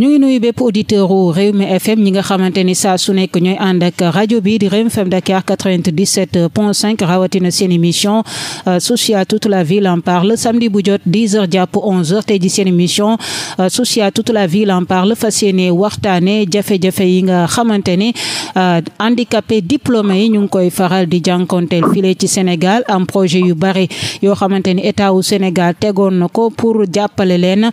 ñu ngi nuyu bépp auditeur u Rewmi FM ñi nga xamante ni saa su nekk ñooy ànd ak rajo bi di Rewmi FM Dakar 97 point 5 rawatina seen émission euh, Sophia toute la ville en parle samedi bu jot 10 heures jàpp 11 heures tey ji seen émission euh, Sophia toute la ville en parle fas yéene waxtaane jafe-jafe yi nga xamante ni euh, handicapé diplômé yi ñu ngi koy faral di jànkonteel file ci Sénégal am projet yu bari yoo xamante ni état wu Sénégal tegoon na ko pour jàppale leen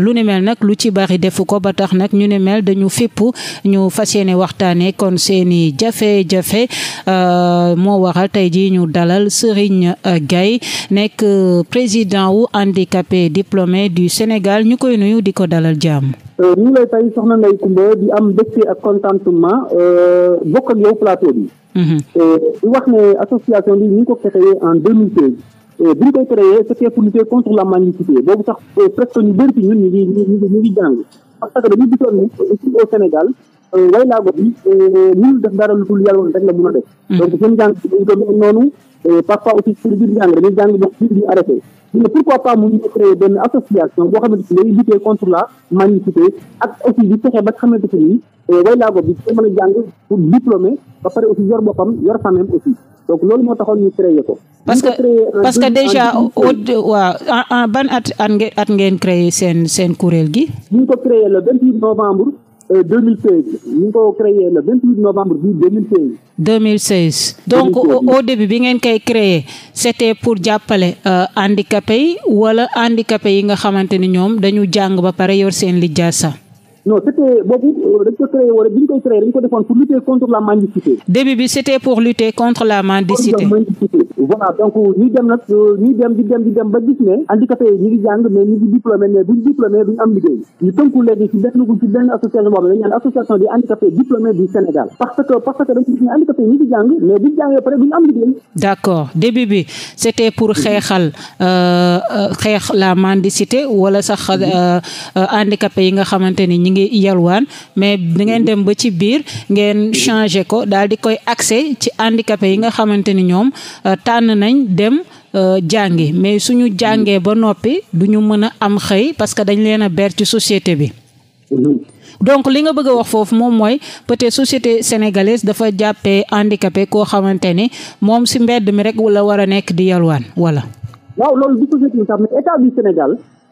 lu ni mel lu ci bari defu ko ba tax nag ñu ne mel dañu fépp ñu fas yéene waxtaanee kon seeni jafe-jafe euh, moo waral tey jii ñu dalal Serigne euh, Gaye nekk euh, président wu handicapé diplômé du Sénégal ñu koy nuyu di ko dalal jàmm. ñu lay tey soxna Ndeye Comba di am mbégte ak contentement bokk ak yow plateau bi. Mhm. di wax ne association bi ñu ngi ko créé en Euh, bi ñu koy créé c'était pour lutter contre la mendicité boobu sax euh, presque ñu bëri ci ñun ñu ngi ñu ngi ñu ngi jàng parce que dañu euh, bi mënul def dara lu dul a def hmm. donc seen jàng dañ ko mel noonu parfois aussi pour biir jàng dañuy jàng ñu arrêté mais pourquoi association boo xamante ni day lutter contre la mendicité ak aussi di fexe ba xamante ni way laago bi mën a jàng pour diplômé ba pare aussi yor boppam yor famem aussi donc loolu moo taxoon ko. parce que parce que déjà waaw ban at at ngeen créé seen seen kuréel gi. ñu ko créé le 28 novembre 2016 euh, ñu ngi ko créé le 28 novembre donc au début bi ngeen koy créé c'était pour jàppale euh, handicapé yi wala handicapé yi nga xamante ni ñoom dañu jàng ba pare yor seen lijjaasa. non c'était boobu euh, dañ ko créé wala bi ñu koy créé dañ ko defoon pour lutter contre la mendicité. début bi c'était pour lutter contre la mendicité. voilà donc euh, ñuy dem nag euh, ñuy dem di dem di dem ba gis ne. handicapé yi ñu ngi jàng mais ñu ngi diplômé mais buñ diplômé duñ am liggéey. ñu tënku léegi ci benn ci benn association boobu dañu naan association des handicapés diplômés du Sénégal. parce que parce que dañ ci gis ne handicapé yi ñu ngi jàng mais buñ jàngee pare duñ am liggéey. d'accord début bi c'était pour xeexal xeex la mendicité wala sax handicapé yi nga xamante ni ngi yalwaan mais da ngeen dem ba ci biir ngeen changé ko daal di koy accès ci handicapé yi nga xamante ni ñoom euh, tànn nañ dem euh, jàngi mais suñu jàngee ba noppi du ñu mën a am xëy parce que dañ leen a ber ci société bi donc li nga bëgg wax foofu moom mooy peut-être société sénégalaise dafa jàppee handicapé koo xamante ni moom si mbedd mi rek la war a nekk di yalwaan wala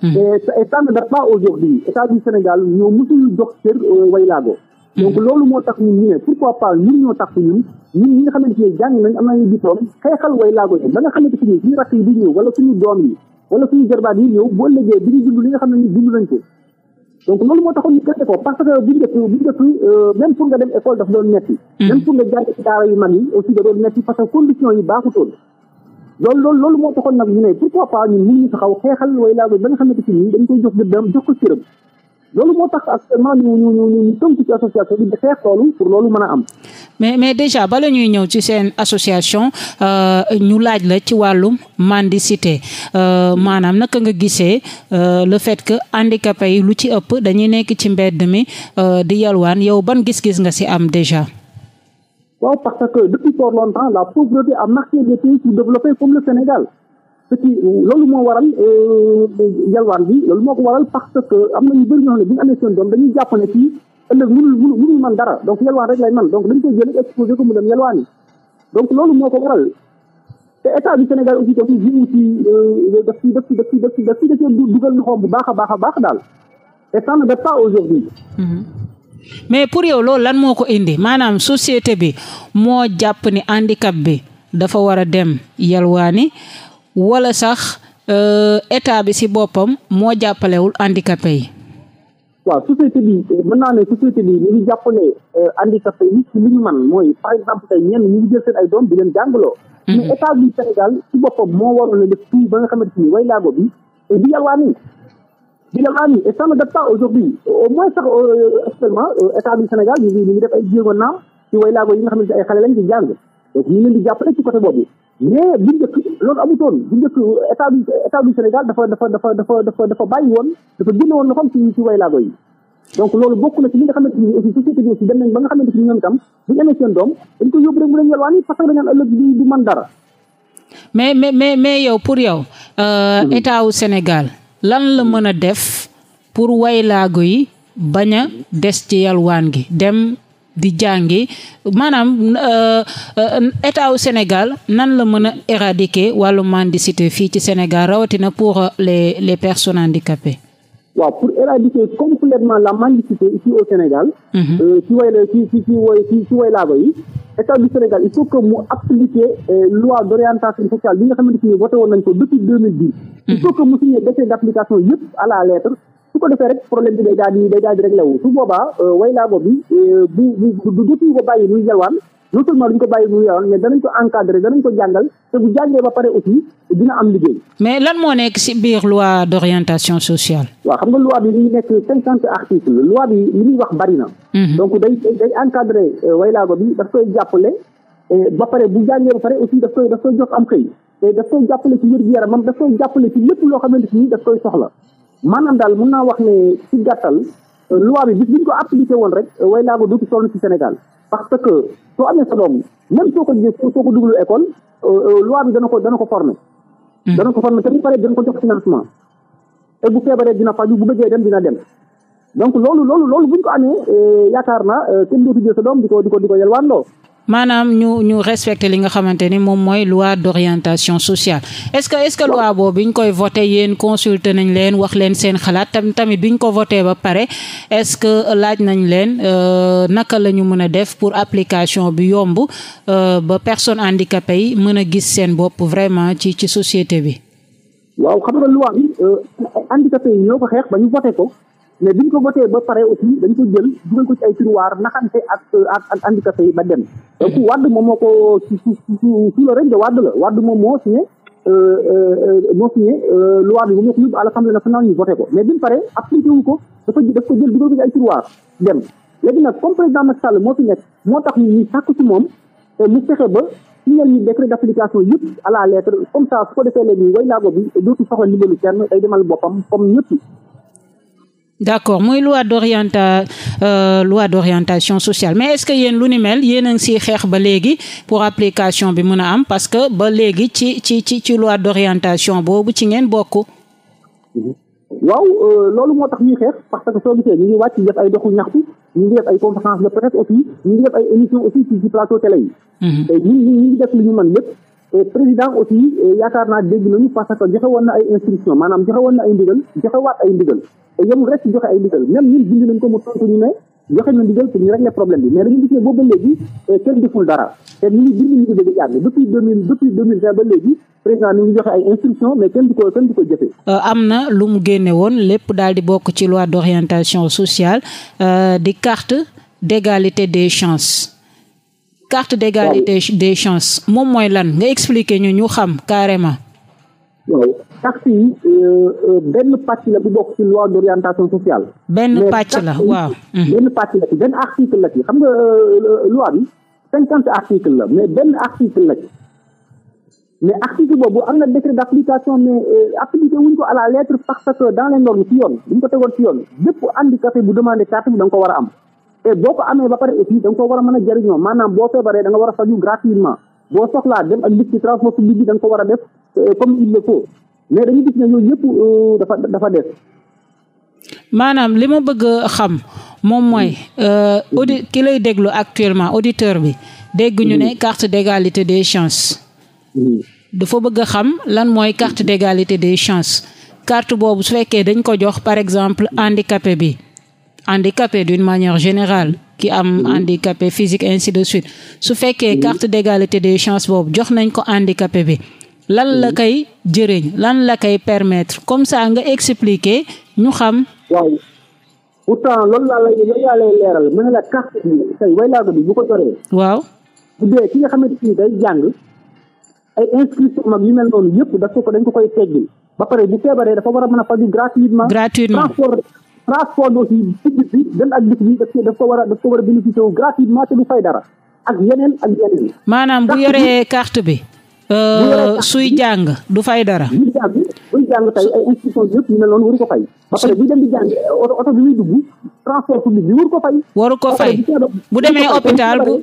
et ça ne date pas aujourd'hui état du Sénégal ñoo mësul jox cër euh, waylaago donc loolu moo tax ñun ñu ne pourquoi pas ñun ñoo tax ñun ñun ñi nga xamante ne jàng nañ am nañu diplôme xeexal yi ba ñëw wala suñu doom yi wala suñu jarbaat yi ñëw boo légee bi ñu li nga xam ne ñu dund nañ ko donc loolu moo taxoon ñu gerte ko parce que bu njëkk bu njëkk euh, même pour nga dem école daf doon metti même pour nga jàng ci daara yu mag yi aussi da doon metti parce que yi baaxutoon loolu loolu loolu moo taxoon nag ñu ne pourquoi pas ñun mënuñu taxaw xeexal way dañ ko cëram loolu moo tax actuellement ñu ñu ñu ñu tënku ci di xeex loolu pour loolu mën a am. mais mais déjà bala ñuy ñëw ci seen association euh, ñu laaj la ci wàllum mendicité euh, maanaam naka nga gisee euh, le fait que handicapés lu ci ëpp dañuy nekk ci mbedd mi di yalwaan yow ban gis-gis nga si am déjà. Pourquoi Parce que depuis fort longtemps, la pauvreté a marqué des pays sous-développés comme le Sénégal. ce qui loolu moo waral euh, yalwaan bi loolu moo ko waral parce que am na ñu bëri ñoo xam ne bu ñu amee seen doom dañuy jàpp ne fii ëllëg mënul dara donc yalwaan rek lay mën donc dañ koy jël exposé ko mu dem yalwaan yi donc loolu moo ko waral te état du Sénégal aussi tamit jiwu ci euh, daf ci daf ci daf ci daf ci daf ci daf ci dugal loxoom bu baax a baax a baax daal et ça ne date pas aujourd'hui mm-hmm. mais pour yow loolu lan moo ko indi maanaam société bi moo jàpp ni handicap bi dafa war a dem yalwaani wala sax euh, état bi si boppam moo jàppalewul handicapé yi. waaw société bi mën naa ne société bi ñu ngi jàppale euh, handicapé yi ci li ñu man mooy par exemple tey ñenn ñu ngi jël seen ay doom di leen jàngaloo mhm. mais état bi Sénégal ci boppam moo waroon a def fii ba nga xamante ni way laago bi di yalwaan di Ami et ça ne date pas aujourd'hui au moins sax euh, actuellement euh, Sénégal ñu def ay jéego naam ci waylaago yi nga xam ne xale lañ di jàng donc jàppale ci côté boobu mais bu njëkk njëkk état du état du dafa dafa dafa dafa dafa dafa bàyyi woon dafa génne woon loxoom ci ci waylaago yi donc loolu bokk na ci li nga xamante ni aussi société bi aussi dem nañ ba nga xamante ni ñoom itam bu ñu amee ko yóbbu rek mu leen yalwaani parce que dañu naan ëllëg du du dara mais mais mais mais yow pour yow euh, mm-hmm. état wu Sénégal lan la mën a def pour waylaago yi bañ a des ci yalwaan gi dem di jàngi maanaam euh, état wu Sénégal nan la mën a éradiquer wàllu mendicité fii ci Sénégal rawatina pour les les personnes handicapées. waaw pour éradiquer complètement la mendicité ici au Sénégal. Mhm. Euh, ci way ci ci waylaago yi. état du Sénégal il faut que mu appliquer loi d'orientation sociale bi nga xamante ni voté woon nañ ko depuis deux mille dix il faut que mu signé décret d'application yëpp à la lettre su ko defee rek problème bi day daal di day daal di réglé su boobaa way laa boobu bi bu bu dootuñu ko bàyyi muy yelwaan non seulement duñ ko bàyyi mu yoroon mais danañ ko encadrer danañ ko jàngal te bu jàngee ba pare aussi dina am liggéey. mais lan moo nekk ci biir loi d'orientation sociale. waaw xam nga loi bi li ñu nekk cinquante articles loi bi li muy wax bari na. Mhm. donc day day encadrer euh, waylaago bi daf koy jàppale. Euh, ba pare bu jàngee ba pare aussi daf koy jot am xëy te daf koy jàppale ci wér gu yaramam daf koy jàppale ci lépp loo xamante ni daf koy soxla maanaam daal mën naa wax ne ci gàttal euh, loi bi bis bu ñu ko appliqué woon rek waylaago dootu sonn ci Sénégal. parce que soo amee sa doom même soo ko soo ko dugalu école euh, euh, loi bi dana ko dana ko former hmm. dana ko former te mu paree dana ko jox financement te bu feebaree dina faju bu bëggee dem dina dem donc loolu loolu loolu buñ ko amee euh, yaakaar na kenn dootu jël sa doom di ko di ko di ko yelwaandoo maanaam ñu ñu respecté li nga xamante ni moom mooy loi d'orientation sociale est-ce que est-ce que loi boobu bi ñu koy voté yéen consulté nañ leen wax leen seen xalaat tamit bi ñu ko voté ba pare est-ce que laaj nañ leen euh, naka la ñu mën a def pour application bi yomb euh, ba personnes handicapées yi mën a gis seen bopp vraiment ci ci société bi. waaw xam nga loi bi euh, handicapé yi ñoo ko xeex ba ñu voté ko. mais bi ñu ko voté ba pare aussi dañ ko jël dugal ko ci ay tiroir naxante ak euh, ak ak handicapé yi ba dem donc moom moo ko su su su la rek de Wade la Wade moom moo signé euh, euh, moo signé loi bi bu ñu ko yóbbu à l'Assemblée nationale ñu voté mais bi mu pare ko dafa daf jël dugal ko ci ay nag comme président Macky moo fi nekk moo tax ñu ñuy ci moom mu fexe ba signal ñu décret d' yëpp à la lettre comme ça su ko defee léegi way laago bi dootu soxla ndimbalu kenn ay demal boppam comme ñëpp d'accord muy loi d'orienta euh, loi d'orientation sociale mais est-ce que yéen lu ni mel yéen a ngi siy xeex ba léegi pour application bi mën a am parce que ba léegi ci ci ci ci loi d'orientation boobu ci ngeen bokk. waaw euh, loolu moo tax ñuy xeex parce que soo gisee ñu ngi wàcc def ay doxu ñaxtu ñu ngi def ay conférence de presse aussi ñu ngi def ay émission aussi ci ci plateau télé yi. Mhm. te ngi def li ñu mën lépp. Euh, président aussi euh, yaakaar naa dégg nañu parce que joxe woon na ay instruction maanaam joxe woon na ay ndigal joxewaat ay ndigal te yemul rek ci joxe ay ndigal même ñun bind nañ ko mu tontu ñu joxe na ndigal pour ñu régler problème bi mais dañu euh, depuis deux mille depuis deux mille vingt ba léegi président ay instruction mais kenn du ko kenn am na lu mu génne woon lépp daal di bokk ci loi d'orientation sociale di carte d'égalité des chances. carte d'égalité des chances moom mooy lan nga expliquer ñu ñu xam carrément. waaw taxe yi euh, euh, benn pàcc la bu bokk ci loi d'orientation sociale. benn pàcc la waaw. Mhm. benn pàcc la ci benn article la ci xam nga euh, loi bi cinquante article la mais benn article la ci mais article boobu am na décret d'application mais appliqué wuñ ko à la lettre parce que dans les normes ci yoon bu ñu ko tegoon ci yoon bépp handicapé bu demandé carte bi da nga ko war a am. et boo ko amee ba pare aussi da koo war a mën a jëriñoo maanaam boo feebaree da nga war a faju gratuitement boo soxlaa dem ak liggéey transport public bi da nga ko war a def euh, comme il le faut mais dañu gis euh, dafa dafa des. maanaam li ma bëgg xam moom mooy euh, audi ki lay déglu actuellement auditeur bi dégguñu ne mm-hmm. carte d'égalité des chances. Mm-hmm. dafa bëgg xam lan mooy carte d'égalité des chances carte boobu su fekkee dañ ko jox par exemple handicapé bi. handicapés d'une manière générale ki am mm-hmm. handicapé physique ainsi de suite su fekkee mm-hmm. carte d'égalité des chances boobu jox nañ ko handicapé bi lan la mm-hmm. koy jëriñ lan la koy permetre comme ça nga expliquer ñu xam waaw pourtant loolu loolu laa lay leeral mën la carte bi tey way bi bu ko joree waaw bu dee ki nga xamante ni day jàng ay inscription mag yu mel noonu yëpp dafa ko dañ ko koy teggil ba pare bu feebaree dafa war a mën a faju gratuitement gratuitement transport aussi public bi dem ak dëkk bi daf ko daf war a daf ko war a wu gratuitement te du fay dara ak yeneen ak yeneen. maanaam bu yoree euh, carte bi. suy jàng du fay dara. buy jàng buy jàng tey ay institution yëpp ñu ne bi muy dugg transport public bi waru ko fay. waru ko fay bu demee hôpital bu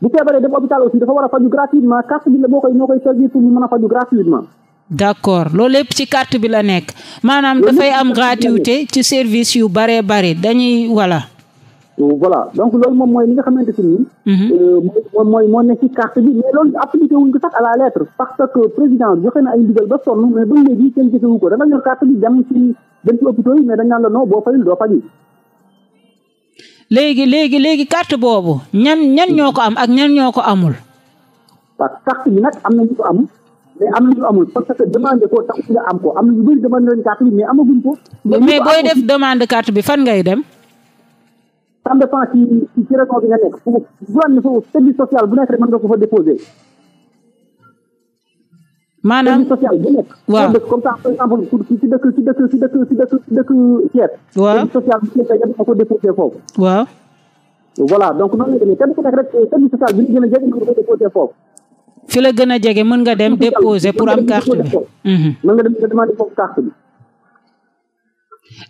bu feebaree dem hôpital aussi dafa war a faju gratuitement carte bi la boo koy ñoo koy servir pour ñu mën a faju gratuitement. d'accord loolu lépp ci carte bi la nekk maanaam dafay am gratuité ci service yu baree bare dañuy voilà euh, voilà donc loolu moom mooy li nga xamante si nii moom mooy moo nekk ci carte bi mais loolu appliqué wuñ ko sax à la lettre que président joxe na ay ndigal ba sonn mais ba léegi kenn jëfewu ko dafa yor carte bi dem ci dem ci hôpitaux yi mais dañ naan la non boo fayul doo faju léegi léegi léegi carte boobu ñan ñan ñoo ko am ak ñan ñoo ko amul parce nag am na mais am na ñu amul parce que demande ko tax nga am ko am na ñu bëri demande nañ carte bi mais amaguñ ko. mais booy def demande carte bi fan ngay dem. ça dépend ci ci ci région bi nga nekk foofu bu ne foofu service social bu nekk rek mën nga ko fa déposé. maanaam service social bu nekk. waaw comme ça par exemple ci dëkk ci dëkk ci dëkk ci dëkk ci dëkk Thiès. waaw service social bu Thiès nga ko déposé foofu. waaw. voilà donc noonu la demee kenn ku nekk rek service social bi ñu gën a jege nga ko déposé foofu. fi la gën a jege mën nga dem déposer pour am carte bi. mën nga dem demande foofu carte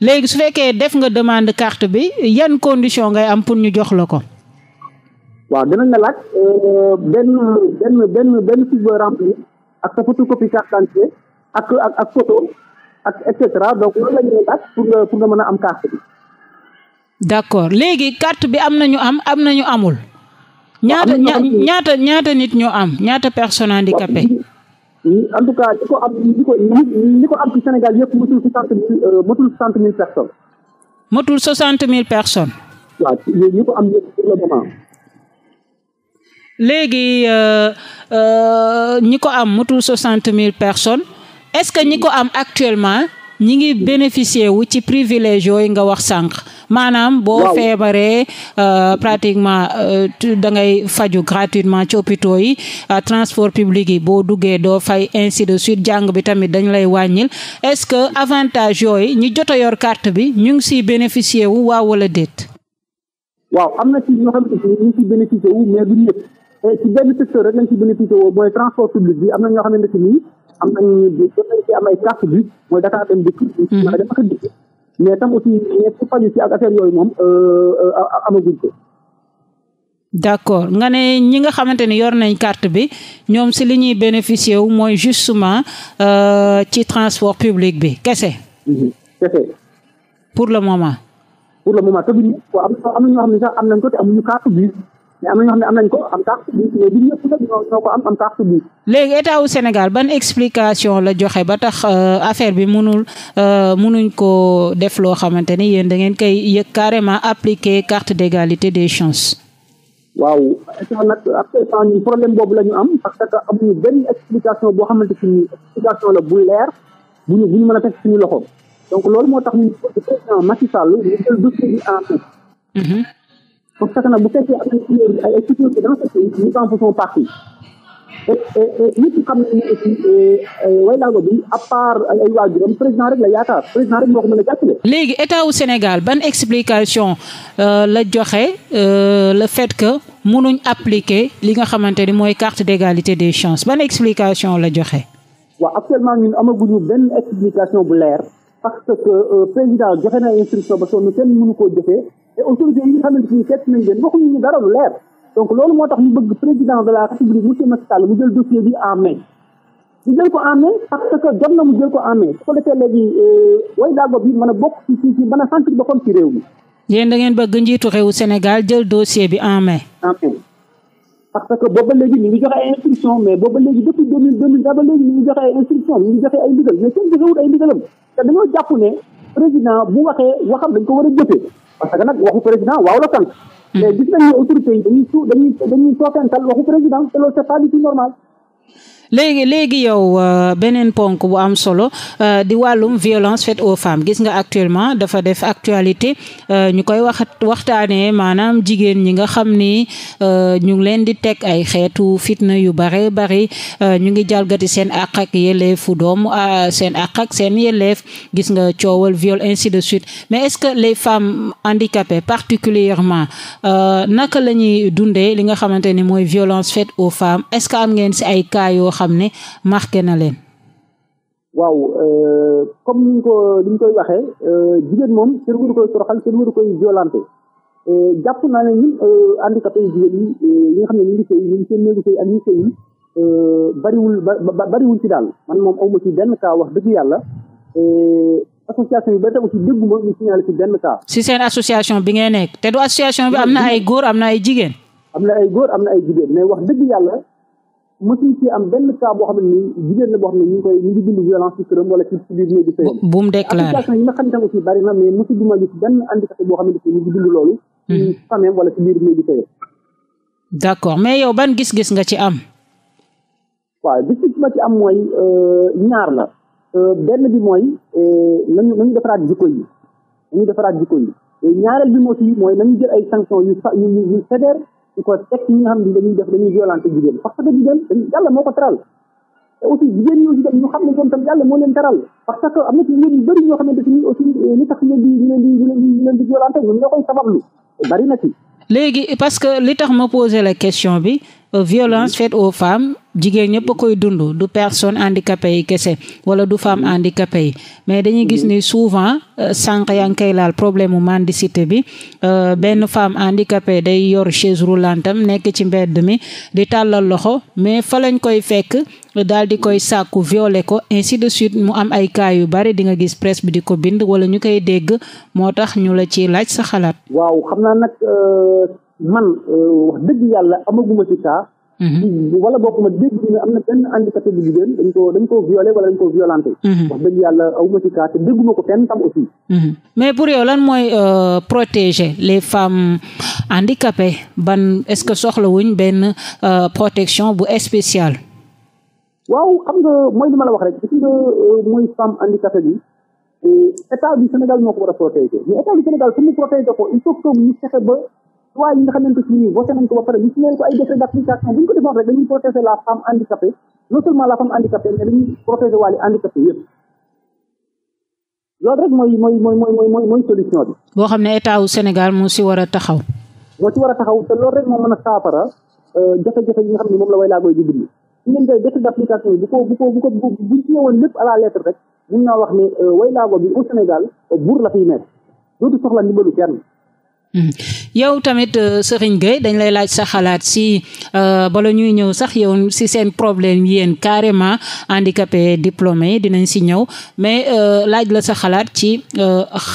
léegi su fekkee def nga demande carte bi yan condition ngay am pour ñu jox la ko. waaw dinañ la laaj euh, benn benn benn benn booy remplir ak sa photocopie ak ak ak et cetera donc pour nga pour nga mën a am carte bi. d'accord léegi carte bi am na ñu am am na ñu amul. ñaata ñaata ñaata nit ñoo am ñaata personnes handicapées. en tout cas ñi ko am ñi Sénégal yëpp motul soixante mille euh, motul soixante mille personnes. motul ko am yëpp pour le léegi euh, euh, ñi ko am motul soixante mille personnes est-ce que ñi ko am actuellement ñi ngi bénéficier wu ci privilège yooyu nga wax sànq. maanaam boo feebaree euh, pratiquement euh, da ngay faju gratuitement ci yi euh, transport public yi boo duggee doo fay ainsi de suite jàng bi tamit dañ lay wàññil est-ce que avantage yooyu ñi jot a yor carte bi ñu si siy bénéficier wu waaw wala déet waaw am na ci ñoo xam ne ñu si bénéficié eh, wu mooy transport public bi am na ñoo xam ni am nañu jot nañ si am ay carte bi mooy Dakar Dem Dikk. mën hmm. a dem ak dikk mais tam aussi mais su faju ci ak affaire yooyu moom euh, euh, amaguñ ko d'accord nga ne ñi nga xamante ni yor nañ carte bi ñoom si li ñuy bénéficier wu mooy justement euh, ci transport public bi kese mhm. kese pour le moment pour le moment te bu ñu am ñoo xam ne am nañ ko te amuñu carte bi mais am ne am nañ ko am carte bi mais du ñëpp nag ñoo ko am am carte bi. léegi état Sénégal ban explication la joxe ba tax euh, affaire bi mënul euh, mënuñ ko def loo xamante ni yéen da ngeen koy yëg carrément appliquer carte d'égalité des chances. waaw état problème boobu la ñu am parce que amuñu benn explication boo xamante ni explication la bu leer bu ñu bu mën a teg suñu loxo donc loolu moo tax ñu président Macky Sall ñu jël dossier pour fexe na bu fekkee am nañ ay sécurité dans ce pays ñu en faisons partie et et ñëpp xam nañ ne aussi waylaago bi à part ay waajuram président rek la yaakaar président rek moo ko mën a jàppale. léegi état wu Sénégal ban explication euh, la joxe euh, le fait que mënuñ appliquer li nga xamante ni mooy carte d'égalité des chances ban explication la joxe. waaw actuellement ñun amaguñu benn explication bu leer parce que euh, président joxe na instruction ba sonn kenn mënu koo jëfee. te autorités yi nga xamante ni seet nañ leen waxuñu ñu dara lu leer donc loolu moo tax ñu bëgg président de république mu jël dossier bi en main jël ko en main parce na mu jël ko en main su ko defee léegi euh, way bi mën a bokk ci ci ci mën a sentir ci réew mi. yéen da ngeen bëgg njiitu réewu Sénégal jël dossier bi en main. en main parce que booba léegi ñu ngi joxe ay instruction mais booba léegi depuis deux mille deux mille ba léegi ñu ngi joxe ay instruction ñu ngi joxe ay ndigal mais kenn joxewut ay te dañoo jàpp ko war a jëfee parce que nag waxu président waaw la sant hmm. mais gis nañ ne autorités yi dañuy su dañuy dañuy waxu président te loolu c'est normal léegi léegi yow euh, beneen ponk bu am solo euh, di wàllum violence faite aux femme gis nga actuellement dafa def actualité euh, ñu koy wax waxtaanee maanaam jigéen ñi nga xam ni euh, ñu ngi leen di teg ay xeetu fitna yu bare bari euh, ñu ngi jalgati seen àq ak yelleefu doom seen àq ak seen yelleef gis nga coowal viol ainsi de suite mais est-ce que les femmes handicapées particulièrement naka la ñuy dundee li nga xamante ni mooy violence faite au femmes est-ce que am ngeen si ay cas yoo xam ne marqué na leen. waaw euh, comme ni ñu ko ni koy waxee euh, jigéen moom seen waru koy toroxal seen waru koy violenté euh, jàpp naa ne ñun handicapé yu jigéen yi yi nga xam ne ñu ngi sëy ñu ngi seen néegu sëy ak ñu sëy bariwul bariwul ci daal man moom awma ci benn cas wax dëgg yàlla association bi ba tey aussi dégguma ñu signalé ci benn cas. si seen association bi ngay nekk te du association bi am na ay góor am na ay jigéen. am na ay góor am na ay jigéen mais wax dëgg yàlla. mësuñ ci am benn cas boo xam ne nii jigéen la boo xam ne ñu ngi koy ñu ngi dund violence ci këram wala ci ci biir néegi sëyam bu mu déclaré application yi nga xam ne tam aussi bari na mais mësu duma gis benn handicapé boo xam ne nii ñu ngi dund loolu hmm. ci famille wala ci biir néegi sëyam d'accord mais yow ban gis-gis nga ci am waaw gis-gis ma ci am mooy euh, ñaar la euh, benn bi mooy euh, nañu nañu defaraat jikko yi nañu defaraat jikko yi ñaareel bi aussi mooy nañu jël ay sanctions yu yu sévères di ko teg ñi nga xam ne dañuy parce que jigéen dañ jigéen euh, ñoo koy sabablu bëri ci léegi parce que li tax ma posé la question bi euh, violence faite aux femmes jigéen ñëpp a koy dund du personne handicapé yi kese wala du femme handicapé yi mais dañuy gis ni souvent euh, sànq yaa ngi koy laal problème mu mendicité bi euh, benn femme handicapé day yor chaise roulantam nekk ci mbedd mi di tàllal loxo mais fa lañ koy fekk daal di koy sàkku violé ko ainsi de suite mu am ay cas yu bari di nga gis presse bi di ko bind wala ñu koy dégg moo tax ñu la ci laaj sa xalaat. waaw xam naa nag euh, man wax dëgg yàlla amaguma ci cas Mm-hmm. wala bokk ma dégg ñu ne am na benn handicapé bu jigéen dañ ko dañ ko violé wala dañ ko violenté mm-hmm. wax dëgg yàlla awma ci cas dégguma ko fenn tam aussi mm-hmm. mais pour yow lan mooy euh, protéger les femmes handicapées ban est-ce que soxlawuñ benn euh, protection bu spéciale waaw xam nga mooy li ma la wax rek gis nga euh, mooy femme handicapée bi état du Sénégal moo ko war a protéger mais état du Sénégal su mu protéger ko il faut que mu fexe ba loi yi nga xamante si nii voté nañ ko ba pare ñu signé ko ay décret d' application bu ñu ko defoon rek dañuy protéger la femme handicapée non seulement la femme handicapée mais dañuy protéger wàllu handicapé yëpp loolu rek mooy mooy mooy mooy mooy mooy solution bi. boo xam ne état wu Sénégal moo si war a taxaw. moo si war a taxaw te loolu rek moo mën a saafara euh, jafe-jafe yi nga xam ne moom la way laa ko déglu ñu leen koy décret d' application yi bu ko bu ko bu ko bu ci ñëwoon lépp à la lettre rek mun naa wax ne euh, way laago bi au Sénégal buur la fiy nekk dootu soxla ndimbalu kenn. Hmm. yow tamit euh, Serigne Gueye dañ lay laaj sa xalaat si euh, bala ñuy ñëw sax yow si seen problème yéen carrément handicapé diplômé yi dinañ si ñëw mais euh, laaj la sa xalaat ci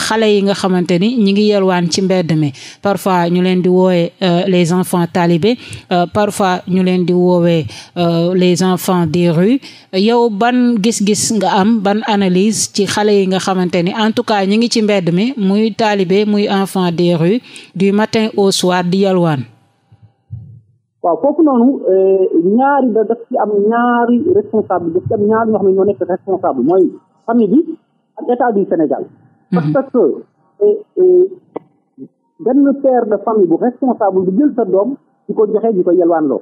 xale yi nga xamante ni ñi ngi yelwaan ci mbedd mi parfois ñu leen di woowee les enfants talibés parfois ñu leen di woowee les enfants des rues yow ban gis-gis nga am ban analyse ci xale yi nga xamante ni en tout cas ñi ngi ci mbedd mi muy talibe muy enfant des rues du matin au soir di yalwaan. waaw foofu noonu eh, ñaari da daf ci am ñaari responsable def ci am ñaari ñoo xam ne ñoo nekk responsable mooy famille bi ak état du Sénégal. Mhm. parce que eh, eh, benn père de famille bu responsable bi jël sa doom di ko joxe di ko yalwaan loo.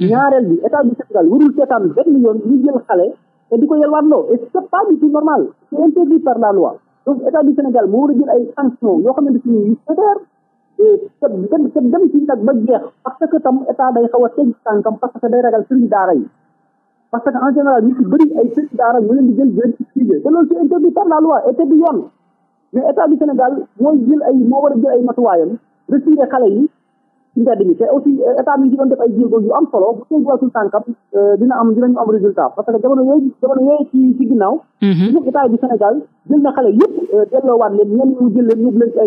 Mhm. ñaareel bi état du Sénégal warul seetaan benn yoon ñu jël xale te di ko yalwaan loo et c'est pas du tout normal c'est interdit par la loi état du Sénégal moo war a jël ay sanctions yoo xamante ne yu sévères. te dem te dem ci nag ba jeex parce que tam état day xaw a teg tànkam parce que day ragal sëriñ daara yi parce que en général ci bëri ay sëriñ daara ñu leen di jël jël ci sujet te loolu c'est interdit par la loi et yoon mais état du Sénégal mooy jël ay moo war a jël ay matuwaayam retiré xale yi ci mbedd mi te aussi euh, état bi ñu def ay jéego yu am solo bu tegwaatul tànkam euh, dina am dinañu am résultat parce que jamono yooyu jamono yooyu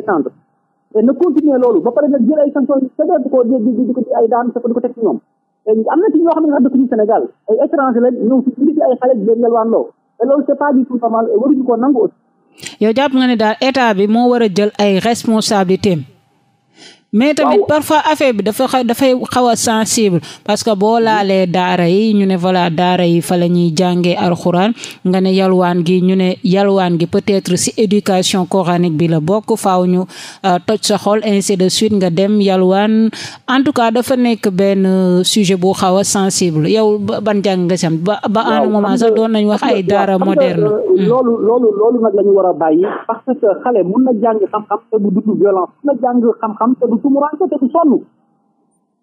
ci te na continuer loolu ba pare nag jël ay sanction sévère di ko di ko ay daan di ko teg ci ñoom te am na ci ñoo xam ne sax dëkkuñu Sénégal ay étranger ñëw fi indi fi ay xale di leen loo te loolu c'est pas du tout waruñu ko nangu aussi yow jàpp nga ne daal état bi moo war a jël ay responsabilités mais tamit parfois affaire bi dafa xa dafay xaw a sensible parce que boo laalee daara yi ñu ne voilà daara yi fa la ñuy jàngee alxuraan nga ne yalwaan gi ñu ne yalwaan gi peut-être si éducation coranique bi la bokk faaw ñu euh, toj sa xol ainsi de suite nga dem yalwaan en tout cas dafa nekk benn euh, sujet bu xaw a sensible yow ban jàng nga sam ba ba en moment sax doon nañ wax ay daara moderne euh, hmm. loolu loolu nag la ñu bàyyi parce que xale mun na jàng xam-xam te du dund violence tumuraanke te du sonn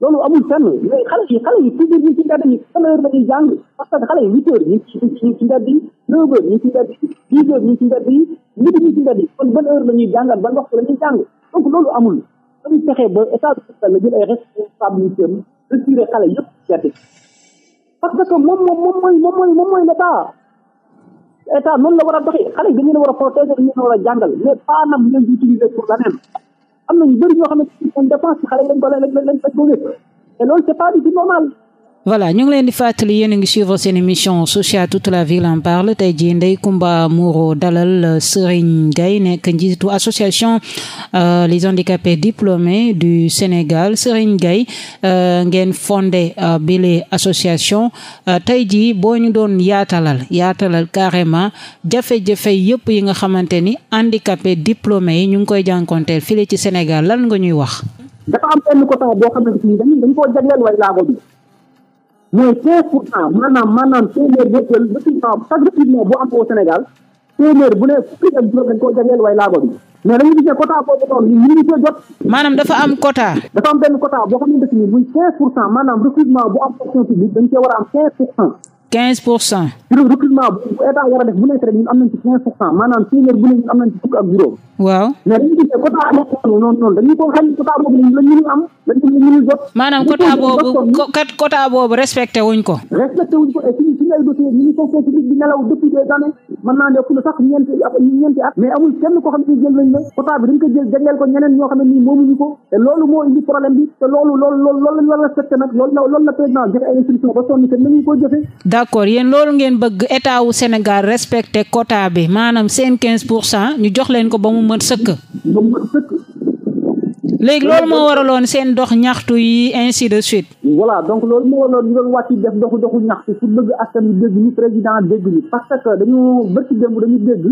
loolu amul fenn mais xale yi xale yi toujours ñu ci mbedd yi ban heure la ñuy jàng parce que xale yi huit heures ñu ci ñu ci mbedd yi neuf heures ñu ci mbedd yi dix heures ñu ci mbedd yi midi ñu ci mbedd yi kon ban heure la ñuy jàngal ban waxtu la ñuy jàng donc loolu amul dañuy fexe ba état bi la jël ay responsabilité am retiré xale yëpp seeti parce que moom moom moom mooy moom mooy moom mooy l'état état noonu la war a doxee xale yi dañu leen war a protéger dañu leen war a jàngal mais pas nag ñu leen di utiliser pour leneen am na ñu bëri ñoo xamante ne dépense bi xale lañ ko lañ ko lañ ko lépp te loolu c'est pas du normal voilà ñu ngi leen di fàttali yéen a ngi suivre seen émission sociale toute la ville en parle tey jii Ndeye Comba Moreau dalal euh, Serigne Gaye nekk njiitu association euh, les handicapés diplômés du Sénégal Serigne Gaye euh, ngeen fondé bile association tey jii boo ñu doon yaatalal yaatalal carrément jafe-jafe yëpp yi nga xamante ni handicapés diplômés yi ñu ngi koy jànkonteel fii ci Sénégal lan nga ñuy wax. mooy 15 pour cent maanaam maanaam téeméer boo jël recrutement chaque recrutement bu am au Sénégal téeméer bu ne fukki ak juróom jagleel way laago bi mais dañuy gis ne jot. maanaam dafa am quota. dafa am benn quota boo xamante ni muy 15 pour cent maanaam recrutement bu am fonction publique dañ cee war a am 15 pour cent. quinze pour cent. recrutement bu état war a def bu nekk rek ñun am nañ ci quinze pour cent maanaam téeméer bu ne ñun am nañ ci fukk ak juróom. waaw mais dañu gis ne quota boobu noonu noonu dañu ko xañ quota boobu la ñu am dañu ko ñu jot. maanaam quota boobu quota boobu respecté wuñ ko. respecté wuñ ko et puis suñu ay dossiers ñu ngi ko foofu di nelaw depuis des années mën naa ne fu sax ñeenti at ñeenti at. mais amul kenn koo xam ne jël nañ la quota bi dañ ko jël jagleel ko ñeneen ñoo xam ne nii moomuñu ko te loolu moo indi problème bi te loolu loolu loolu loolu la respecté nag loolu la loolu la président joxe ay instruction ba sonn te nañu ko jëfee d'accord yéen loolu ngeen bëgg état wu Sénégal respecté quota bi maanaam seen quinze pour cent ñu jox leen ko ba mu mën sëkk. léegi loolu moo waraloon seen dox ñaxtu yi ainsi de suite. voilà donc loolu moo waraloon ñu doon wàcc def doxu doxu ñaxtu pour bëgg askan dégg ñu président dégg ñu parce que dañu bëtt démb dañu dégg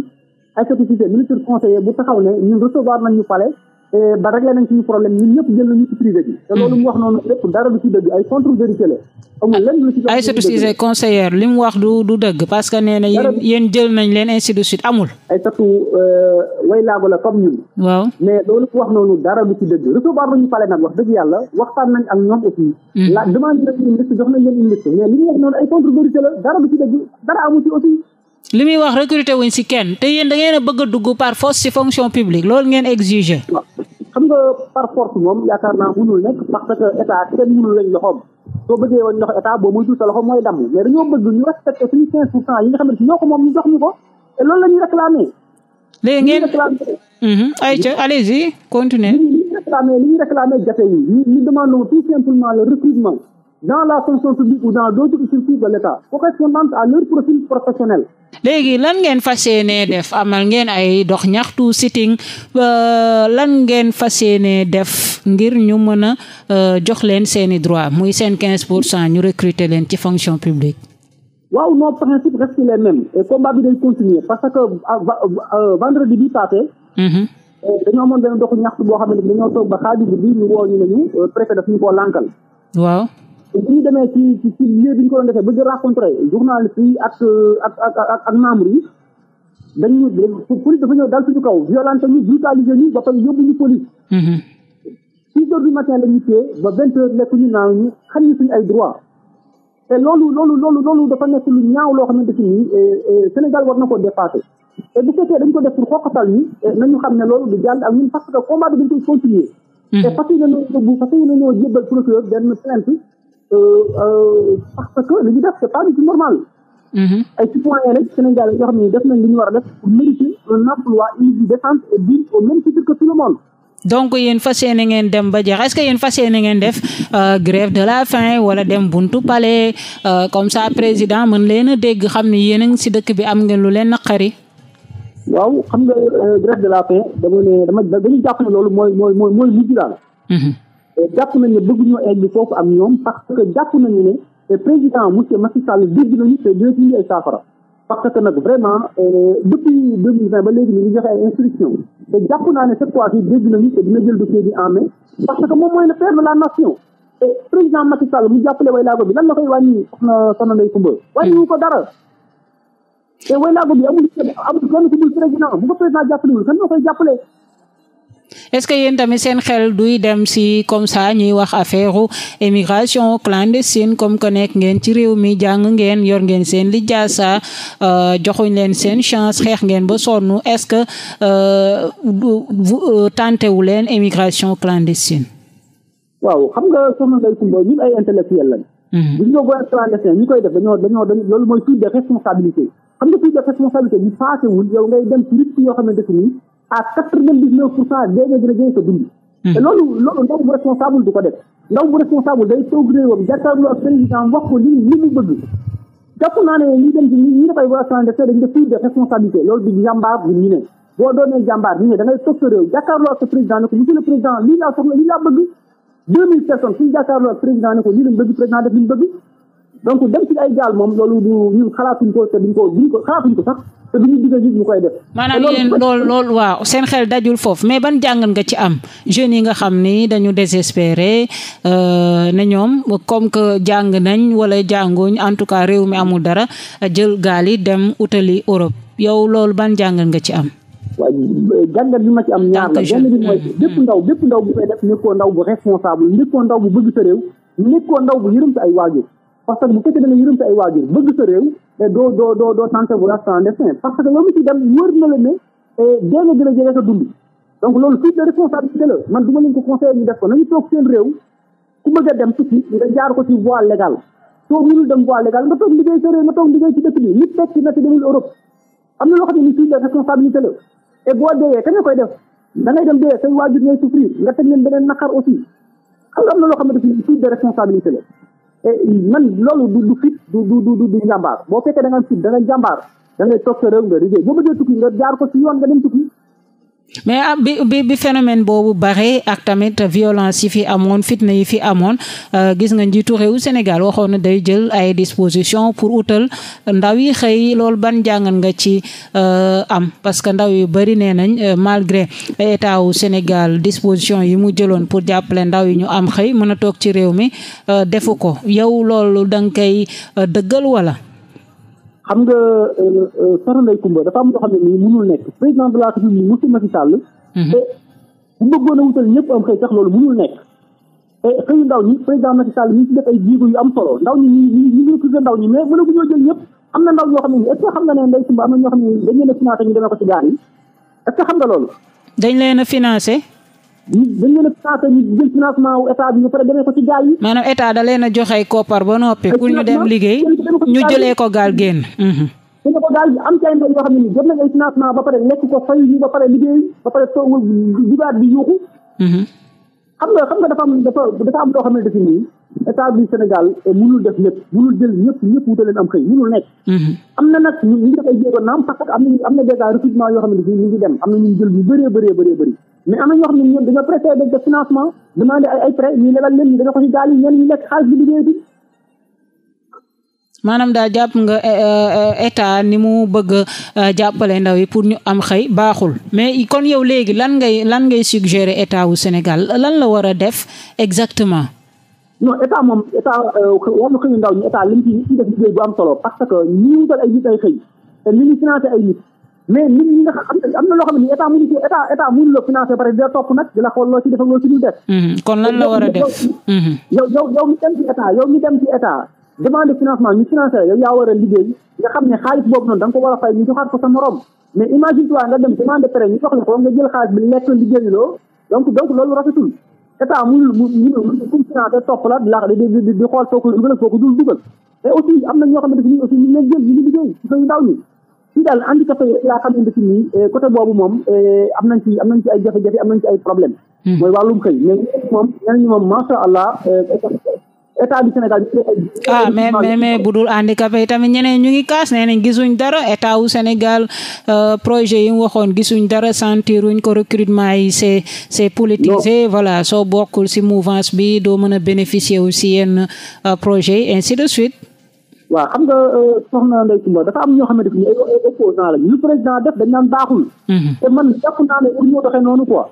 Aïssatou Cissé ministre conseiller bu taxaw ne ñun recevoir nañ ñu palais. ba réglé nañ suñu problème ñun ñëpp jël nañu ci privé bi. te loolu mu wax noonu lépp dara du ci dëgg ay contre vérité amul lenn lu ci. dëgg amul. Aïssatou euh, way laago waaw mais loolu mu wax noonu dara du ci dëgg recevoir nañu fale nag wax dëgg yàlla waxtaan nañ ak ñoom aussi. Hmm. la demande nañ dara du ci dëgg dara amu ci aussi. li muy wax recruter wuñ si kenn te yéen da ngeen a bëgg a dugg par force si fonction publique loolu ngeen exiger. xam nga par force moom yaakaar naa mënul nekk parce que état kenn mënul lañ loxoom soo bëggee woon loxo état boo muy dul sa loxo mooy damm mais dañoo bëgg ñu respecté suñu 15 pour cent yi nga xam ne si ñoo ko ñu jox ñu ko te loolu la ñuy réclamé. léegi ngeen ayca mhm. allez-y continuez. li li ñuy réclamé jafe yi ñu demande tout simplement le recrutement. dans la fonction publique ou dans d'autres structures de l'État correspondante à leur profil professionnel. léegi lan ngeen fas yéene def amal ngeen ay dox ñaxtu sitting euh, lan ngeen fas yéene def ngir ñu mën a euh, jox leen seen i droit muy seen 15 pour cent ñu recruter leen ci fonction publique. waaw nos principes restent les mêmes et combat bi day continuer parce que euh, vendredi bi passé. Mm-hmm. dañoo amoon benn doxu ñaxtu boo xam ne dañoo toog ba xaaju bi ñu woo ñu ne daf ñu koo lànkal. waaw. bu ñu demee ci ci ci lieu bi ñu ko doon defee bëgg rencontré journaliste yi ak ak ak ak ak membres yi police dafa ñëw dal suñu kaw violenté ñu brutalisé ñu ba pare yóbbu ñu police mm-hmm. six heures du matin la ñu téye ba vingt heures lekk ñu naaw ñu xam ñu suñu ay droit te loolu loolu loolu loolu dafa nekk lu ñaaw loo xamante ne eh, eh, Sénégal war na ko dépassé te bu fekkee dañ ko def pour xoqatal ñu eh, nañu xam ne loolu du jàll ak ñun parce que combat bi dañ koy continuer mm-hmm. te fas yéene nañoo procureur benn plainte Euh, euh, parce que li ñu def c'est pas du normal. Mhm. Sénégal yoo xam def nañ li ñu war a def pour mériter un emploi une vie décente et digne au même tout le monde. donc yéen fas yéene ngeen dem ba jeex est-ce que yéen fas yéene ngeen def euh, grève de la faim wala dem buntu pale comme ça président mën leen a dégg xam ni yéen a ngi si dëkk bi am ngeen lu leen naqari. waaw xam nga grève de la faim dama dama dañu jàpp ne loolu mooy mooy mooy mujj daal. Mhm. et jàpp nañ ne bëgg ñoo egg foofu ak ñoom parce que e nañu ne te président monsieur Macky Sall dégg nañu te dina ci ay saafara parce que nag vraiment euh, depuis deux mille vingt ba léegi ñu ngi joxe ay instructions te jàpp naa ne cette fois ci dégg nañu te dina jël dossier bi en main parce que moom mooy le père de la nation et président Macky Sall mu jàppale waylaago bi lan la koy wàññi soxna soxna Ndeye Coumba wàññiwu ko dara te waylaago bi amul amul kenn ku dul président bu ko président jàppalewul kan la koy jàppale est-ce que yéen tamit seen xel duy dem si comme ça ñuy wax affaire émigration clandestine comme que nekk ngeen ci réew mi jàng ngeen yor ngeen seen lijaasa euh, joxuñ leen seen chance xeex ngeen ba sonn est-ce que euh, euh, tentewu leen émigration clandestine waaw xam nga soxna Ndeye Comba ñun ay intellectuel mhm. koy def dañoo dañoo dañ loolu mooy fuite de responsabilité xam nga fuite de responsabilité bi paasewul yow ngay dem ci risque yoo xamante ni à quatre vingt dix neuf pour cent des ingrédients sa dund hmm. te loolu loolu ndaw bu responsable du ko def ndaw bu responsable day toog réewam jàkkaarloo ak président wax ko li li mu bëgg jàpp naa ne ñi dem ci ñi dafay voie clandestine dañ def fuite de responsabilité loolu du jàmbaar bu ñu ne boo doonee jàmbaar ñu ne da ngay toog sa réew jàkkaarloo ak sa président ne ko monsieur le président lii laa soxla lii laa bëgg deux mille personnes suñu jàkkaarloo ak président ne ko lii lañ bëgg président def li mu bëgg donc dem ci ay gaal moom loolu du ñun ko te duñ ko sax te duñu digal nit ñu koy def. maanaam yéen loolu waaw seen xel dajul foofu mais ban jàngat nga ci am jeunes yi nga xam ni dañu désespéré euh, ne ñoom comme que jàng nañ wala jànguñ en tout cas réew mi amul dara jël gaal yi dem utali Europe yow loolu ban jàngat nga ci am. waaw jàngat bi ma ci am ñaar la benn bi mooy mm-hmm. bépp ndaw bépp ndaw bu koy def nekkoo ndaw bu bëgg sa réew nekkoo ndaw bu yërëm sa ay waajur parce que bu fekkee da nga que yow mi ci dem wër na eh, de responsabilité la man du ma leen ko dem tukki ci voie dem voie sa waajur ngay souffrir nga teg leen beneen naqar aussi xam nga am na loo xam ne daf fuite de responsabilité la man loolu du du fit du du du du boo fekkee da nga fit da nga jàmbaar da ngay toog sa réew nga liggéey boo tukki nga jaar ko ci yoon nga dem tukki mais ah bi bi bi phénomène boobu bare ak tamit violence yi fi amoon fitna yi fi amoon euh, gis nga njiitu réew Sénégal waxoon na day jël ay disposition pour utal ndaw yi xëy loolu ban jàngat nga ci euh, am parce que ndaw yu bëri nee nañ euh, malgré état wu Sénégal disposition yi mu jëloon pour jàppale ndaw yi ñu am xëy mën a toog ci réew mi defu ko yow loolu da nga dëggal wala. xam nga euh, euh, Soxna Ndeye Coumba dafa am loo xam ne nii mënul nekk président de la République monsieur Macky Sall. Mhm. te bu bëggoon a wutal ñëpp am xëy loolu mënul nekk. te ndaw ñi président Macky Sall ñu ngi ci ndaw ñu ñu ndaw ñi mais mënaguñoo na ndaw ñoo xam ne nii est ce que xam nga ne Ndeye Coumba am na ñoo xam ne dañu leen a financé ñu demee ko ci gaar yi est xam nga loolu. dañ leen a financé. dañ leen a passé ñu jël financement wu état bi ba pare demee ko ci gaal yi. maanaam état da leen a joxe koppar ba noppi. pour ñu dem liggéey ñu jëlee ko gaal génn. su mhm. ne ko daal am ci ay ndaw yoo xam ne ni jot nañ ay financement ba pare lekk ko fay ñu ba pare liggéey ba pare toog jugaat bi yuuxu mhm. xam nga xam nga dafa am dafa dafa am loo xam ne dafa nii état bi Sénégal mënul def lépp mënul jël ñëpp ñëpp wuta leen am xëy mënul nekk mhm. am na nag ñu ngi def ay jéego naam parce que am na am na dèjà recrutement yoo xam ne dafa ñu ngi dem am na ñu jël ñu bëree bëree bëree bëri mais am na ñoo xam ne def de financement demandé ay ay prêt lekk xaalis bi liggéey bi. maanaam daal jàpp nga eh, eh, eh, état ni mu bëgg a jàppale ndaw yi pour ñu am xëy baaxul mais kon yow léegi lan ngay lan ngay suggérer état wu Sénégal lan la war a def exactement. non état moom état euh, wàllu xëyu ndaw ñi état li mu ci def liggéey bu am solo parce que ñu wutal ay nit te li ñu financé ay nit. mais nit ñi nga xam am na loo xam ne état mënu ci état état mënu la financé pare dina topp nag di la xool loo ci def ak loo ci dul def. Mhm. kon lan la mhm. war a liggéey nga xam ne xaalis boobu noonu da ko war a fay ñu joxaat ko sa morom mais imagine toi nga dem demande prêt ñu jox la ko nga jël xaalis bi lekk liggéeyuloo donc donc loolu rafetul état mënul mënul pour financer topp la la di di di xool foo ko dugal foo ko dul dugal. et aussi am na ñoo fii daal handicapé laa xam ne nii eh, côté boobu moom eh, am nañ am nañ ci ay jafe-jafe am nañ ci ay problème hmm. mooy wàllum xëy mais moom ñeneen ñi eh, ah, mais mais bu dul handicapé yi tamit ñeneen ñu ngi kaas nee nañ gisuñ dara état wu Sénégal euh, projet yi mu waxoon gisuñ dara sentiruñ ko recrutement yi c'est c'est politisé voilà soo bokkul si mouvance bi doo mën a bénéficier aussi yenn euh, projet yi ainsi de suite waaw xam nga euh, soxna Ndeye Comba dafa am ñoo xamante ne ay opposant lañ lu président def dañ naan baaxul. Mhm. te man jàpp naa ne pour ñoo doxee noonu quoi.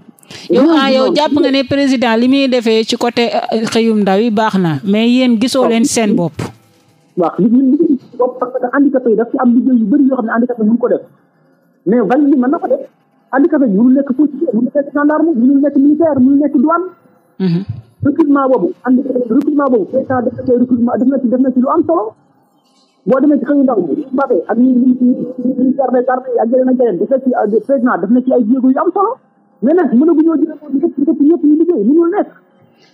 yow ah yow jàpp nga ne président li muy defee ci côté euh, xëyum ndaw yi baax naa mais yéen gisoo leen seen bopp. waaw li mu li bopp parce que yi daf ci am liggéey yu bëri yoo xam ne handicapé mënu ko def mais valide bi na ko def handicapé bi mënul nekk policier mënul nekk gendarme mënul nekk militaire mënul nekk douane. Mhm. recrutement boobu handicapé recrutement boobu président def na ci recrutement def na ci def na ci lu am solo. boo demee ci xëyu ndaw ñi Mbappé ak ñi ñi ñi carnet carnet ak yeneen ak yeneen bu fekk président def na ci ay jéego yu am solo mais nag mënaguñoo jëlee moom ñëpp ñëpp ñëpp ñu liggéey mënul nekk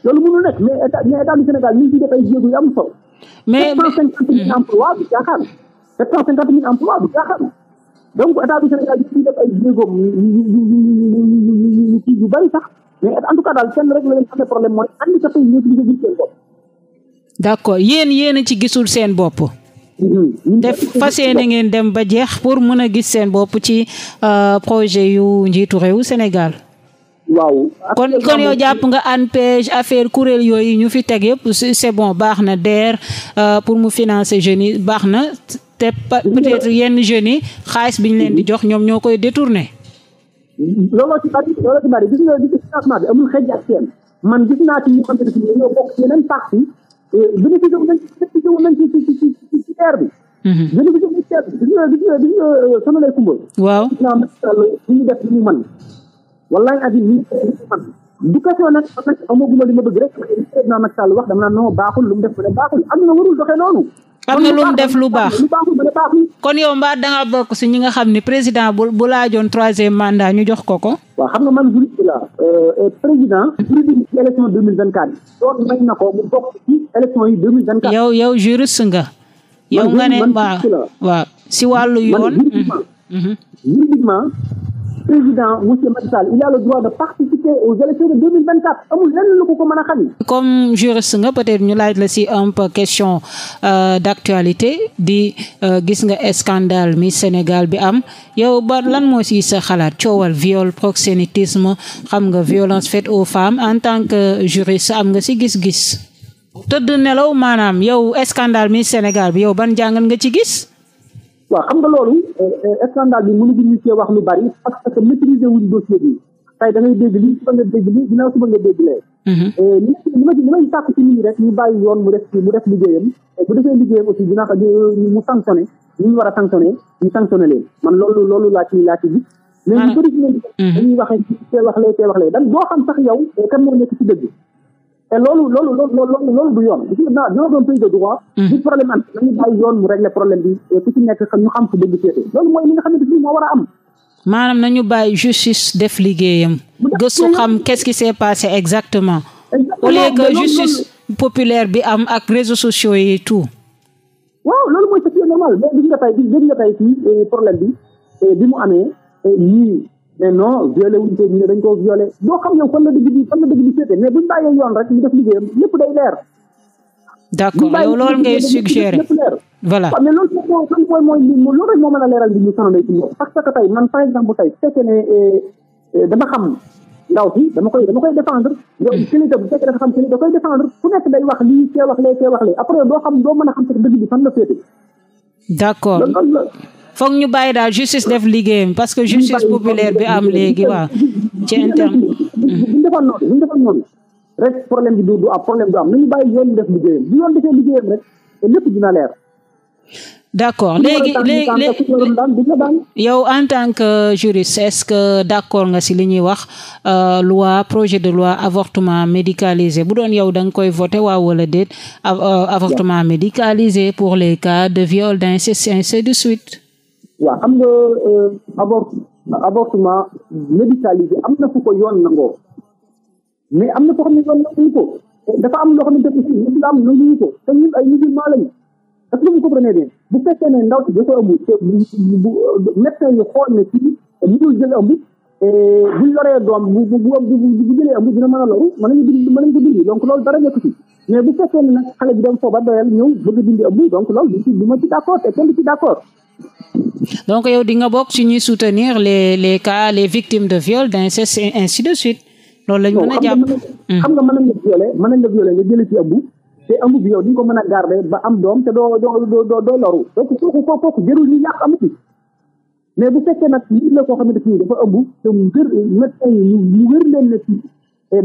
loolu mënul nekk mais état mais état du Sénégal ñu ngi ciy def ay jéego yu am solo. mais sept cent cinquante mille emploi bi caaxaan sept cent cinquante mille emploi bi caaxaan donc état du Sénégal ñu ciy def ay jéego yu yu bari sax mais en tout cas daal kenn rek la leen amee problème mooy handicapé yi ñoo ci gis seen bopp. d'accord yéen yéen a ci gisul seen bopp. te fas yéene ngeen dem ba jeex pour mën a gis seen bopp ci euh, projet yu njiitu réew Sénégal. waaw kon kon jàpp nga ANPEJ affaire kuréel yooyu ñu fi teg yëpp c'est bon baax na DER euh, pour mu financer jeunes yi baax na te peut-être yenn jeunes yi xaalis bi ñu leen di jox ñoom ñoo koy détourné. looloo bénéficié wu nañ bénéficié wu nañ ci ci ci ci ci air bi. Mhm. bénéficié wu nañ ci air bi gis nga gis nga gis nga euh, sama lay kumba. waaw naan li ñu def li ñu mën. wallaay at yii ñu def li ñu mën. du question nag amaguma li ma bëgg rek président Macky Sall wax dama naan non baaxul lu mu def ba ne baaxul am na warul doxee noonu. xam nga lu mu def lu baax kon yow mbaa danga bokk si ñi nga xam ni président bu bu laajoon troisième mandat ñu jox ko ko. waaw xam nga man juriste la euh, euh, président. juriste ci élection 2024. loolu may na ko mu bokk ci élection yi 2024. yow yow juriste nga. yow nga ne waaw waaw si wàllu yoon. Mhm, mhm. juridiquement président monsieur Macky Sall il a droit de participer aux élections de amul lenn lu ko ko mën a xañ comme juriste nga peut-être ñu laaj la si un peu question euh, d'actualité di euh, gis nga scandale mi Sénégal bi am yow ba lan moo si sa xalaat coowal viol proxénétisme xam nga violence faite aux femmes en tant que juriste am nga si gis-gis tëdd nelaw maanaam yow scandale mi Sénégal bi yow ban jàngat nga ci gis waaw xam nga loolu euh, euh, scandale bi mënu ñu cee wax lu bari parce que maîtriser wuñ dossier bi tey da ngay dégg lii suba nga dégg lii ginnaaw suba nga dégg lee mhm. euh, li li ma li may sàkk ci nit ñi rek ñu bàyyi yoon mu def mu def liggéeyam bu mu sanctionné ñu war a sanctionné ñu sanctionné leen man loolu loolu laa ci laa ci gis mais ñu bëri ci mhm. dañuy waxee tee wax lee tee wax lee dan doo xam sax yow kan moo nekk ci dëgg te loolu loolu loolu loolu du yoon gis nga dans un pays de droit. Mm. du problème am nañu bàyyi yoon mu régler problème bi ku ci nekk ñu xam fu dëgg féete loolu mooy li nga xamante ni moo war a am. maanaam nañu bàyyi justice def liggéeyam. gëstu xam qu'est-ce qui s'est passé exactement. exactement au lieu que justice populaire bi am ak réseaux sociaux yi tout. waaw loolu mooy c'est normal mais gis nga tey gis eh, eh, bi mu amee eh, nii. mais non violé wuñ ko dañ koo violé doo xam yow fan la dëgg bi fan la dëgg bi féete mais buñ bàyyee yoon rek ñu def liggéeyam lépp day leer. d'accord yow loolu ngay suggéré voilà. mais loolu moom mooy mooy moo mën a bi ñu sonal ci ñoom parce que tey man par exemple tey su fekkee ne eh, eh, dama xam ndaw si dama koy dama koy défendre. yow kilifa bu fekkee xam da koy défendre ku wax lii cee wax lee cee wax lee après doo xam doo mën a xam sax dëgg bi fan la féete. d'accord loolu la. foog ñu bàyyi daal justice def liggéeyam parce que justice populaire bi am léegi waaw ci interne du du am problème du yoon def liggéeyam d'accord léegi léegi en tant que juriste est-ce que d'accord nga si li ñuy wax euh, loi projet de loi avortement médicalisé bu doon yow da nga koy voté waaw wala déet euh, avortement médicalisé pour les cas de viol d'inceste ainsi de suite waaw xam nga euh, abor avortement médicalisé am na fu ko yoon nangoo mais am na foo xam ne yoon na ko dafa am loo xam ne def aussi islam nanguñu ko te ñun ay musulman lañu parce que vous comprenez bien bu ne ndaw si dafa ëmb bu médecin yi xool ne fii mënul jël ëmb bu loree doom bu bu bu bu jëlee a loru mën fekkee nag xale bi dem foo ba doyal ñëw bëgg dindi ëmb donc loolu du ma ci d' te kenn ci d' donc yow di nga bokk ci ñuy soutenir le les cas les victimes de viol d'inceste et ainsi de suite loolu lañ mën a jàpp xam nga mën nañ la violé mën nañ nga jëlee ci ëmb te ëmb bi yow di nga ko mën a garder ba am doom te doo doo doo doo loru donc kooku koo kooku jërul ñu yàq amu ci mais bu fekkee nag nit la koo xamante ni dafa ëmb te mu wér médecin yi mu wér leen ne ci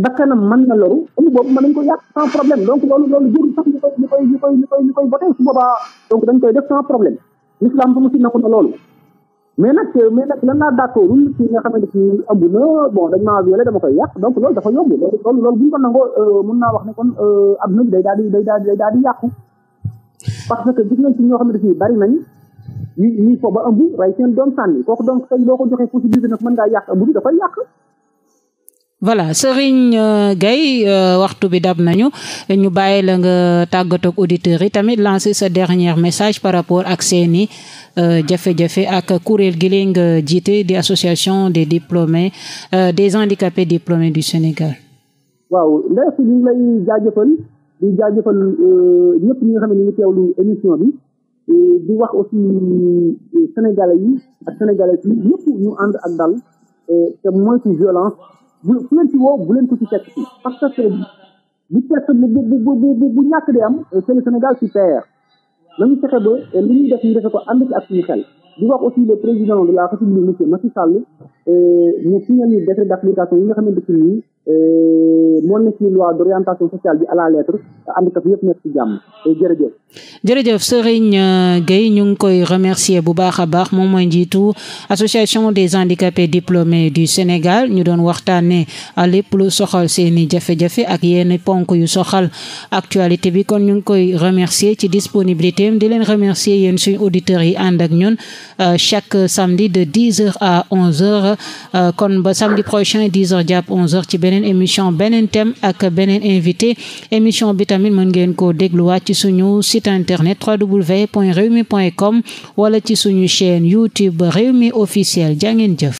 bakkanam mën na loru ëmb boobu mën nañ ko yàq sans problème donc loolu loolu jërul sax ñu koy ñu koy ñu koy boobaa donc dañ koy def sans problème l'islam bu mu si na loolu mais nag mais nag lan laa d'accordul ci nga xamante ni ëmb na bon dañ maa violé dama koy yàq donc loolu dafa yomb loolu loolu bu euh, naa wax ne kon euh, adduna bi day daal di day daal di day daal di yàqu parce que gis nañ ci ñoo xamante ni bari nañ ñi ñi fo ba ëmb rey seen doom sànni kooku donc boo ko joxee possibilité nag mën ngaa yàq ëmb bi da koy voilà Serigne euh, Gueye euh, waxtu bi dab nañu ñu bàyyi la nga tàggatook auditeurs yi tamit lancer sa dernier message par rapport ak seeni euh, jafe-jafe ak kuréel gi leen nga jiite di association des diplômés des handicapés diplômés du Sénégal. waaw ndax ñu lay jaajëfal di jaajëfal ñëpp ñi nga xam ne ñu bi. di wax aussi sénégalais ñu ànd ak dal te moytu violence bu su leen ci woo bu leen ko ci fekk ci parce que bu fekk bu bu bu ñàkk di am euh, c'est le Sénégal qui perd nañu fexe ba euh, li ñuy def ñu defe ko ànd ci ak suñu xel di wax aussi le président de la République monsieur Macky mu euh, signé décret d'application yi nga xamante ne nii Euh, moo nekk ci loi d'orientation sociale bi à la lettre euh, ñu ngi koy remercier bu baax a baax moom mooy njiitu association des handicapés diplômés du Sénégal ñu doon waxtaanee euh, lépp lu soxal seen i jafe-jafe ak yenn ponk yu soxal actualité bi kon ñu ngi koy remercier ci disponibilité di leen remercier yéen suñu auditeurs yi ànd ak ñun chaque samedi de 10 heures à 11 heures kon ba samedi prochain 10 jàpp 11 ci beneen beneen émission beneen thème ak beneen invité émission bi tamit mën ngeen koo dégluwaat ci suñu site internet www.rewmi.com wala ci suñu chaîne YouTube Rewmi officiel jaa ngeen jëf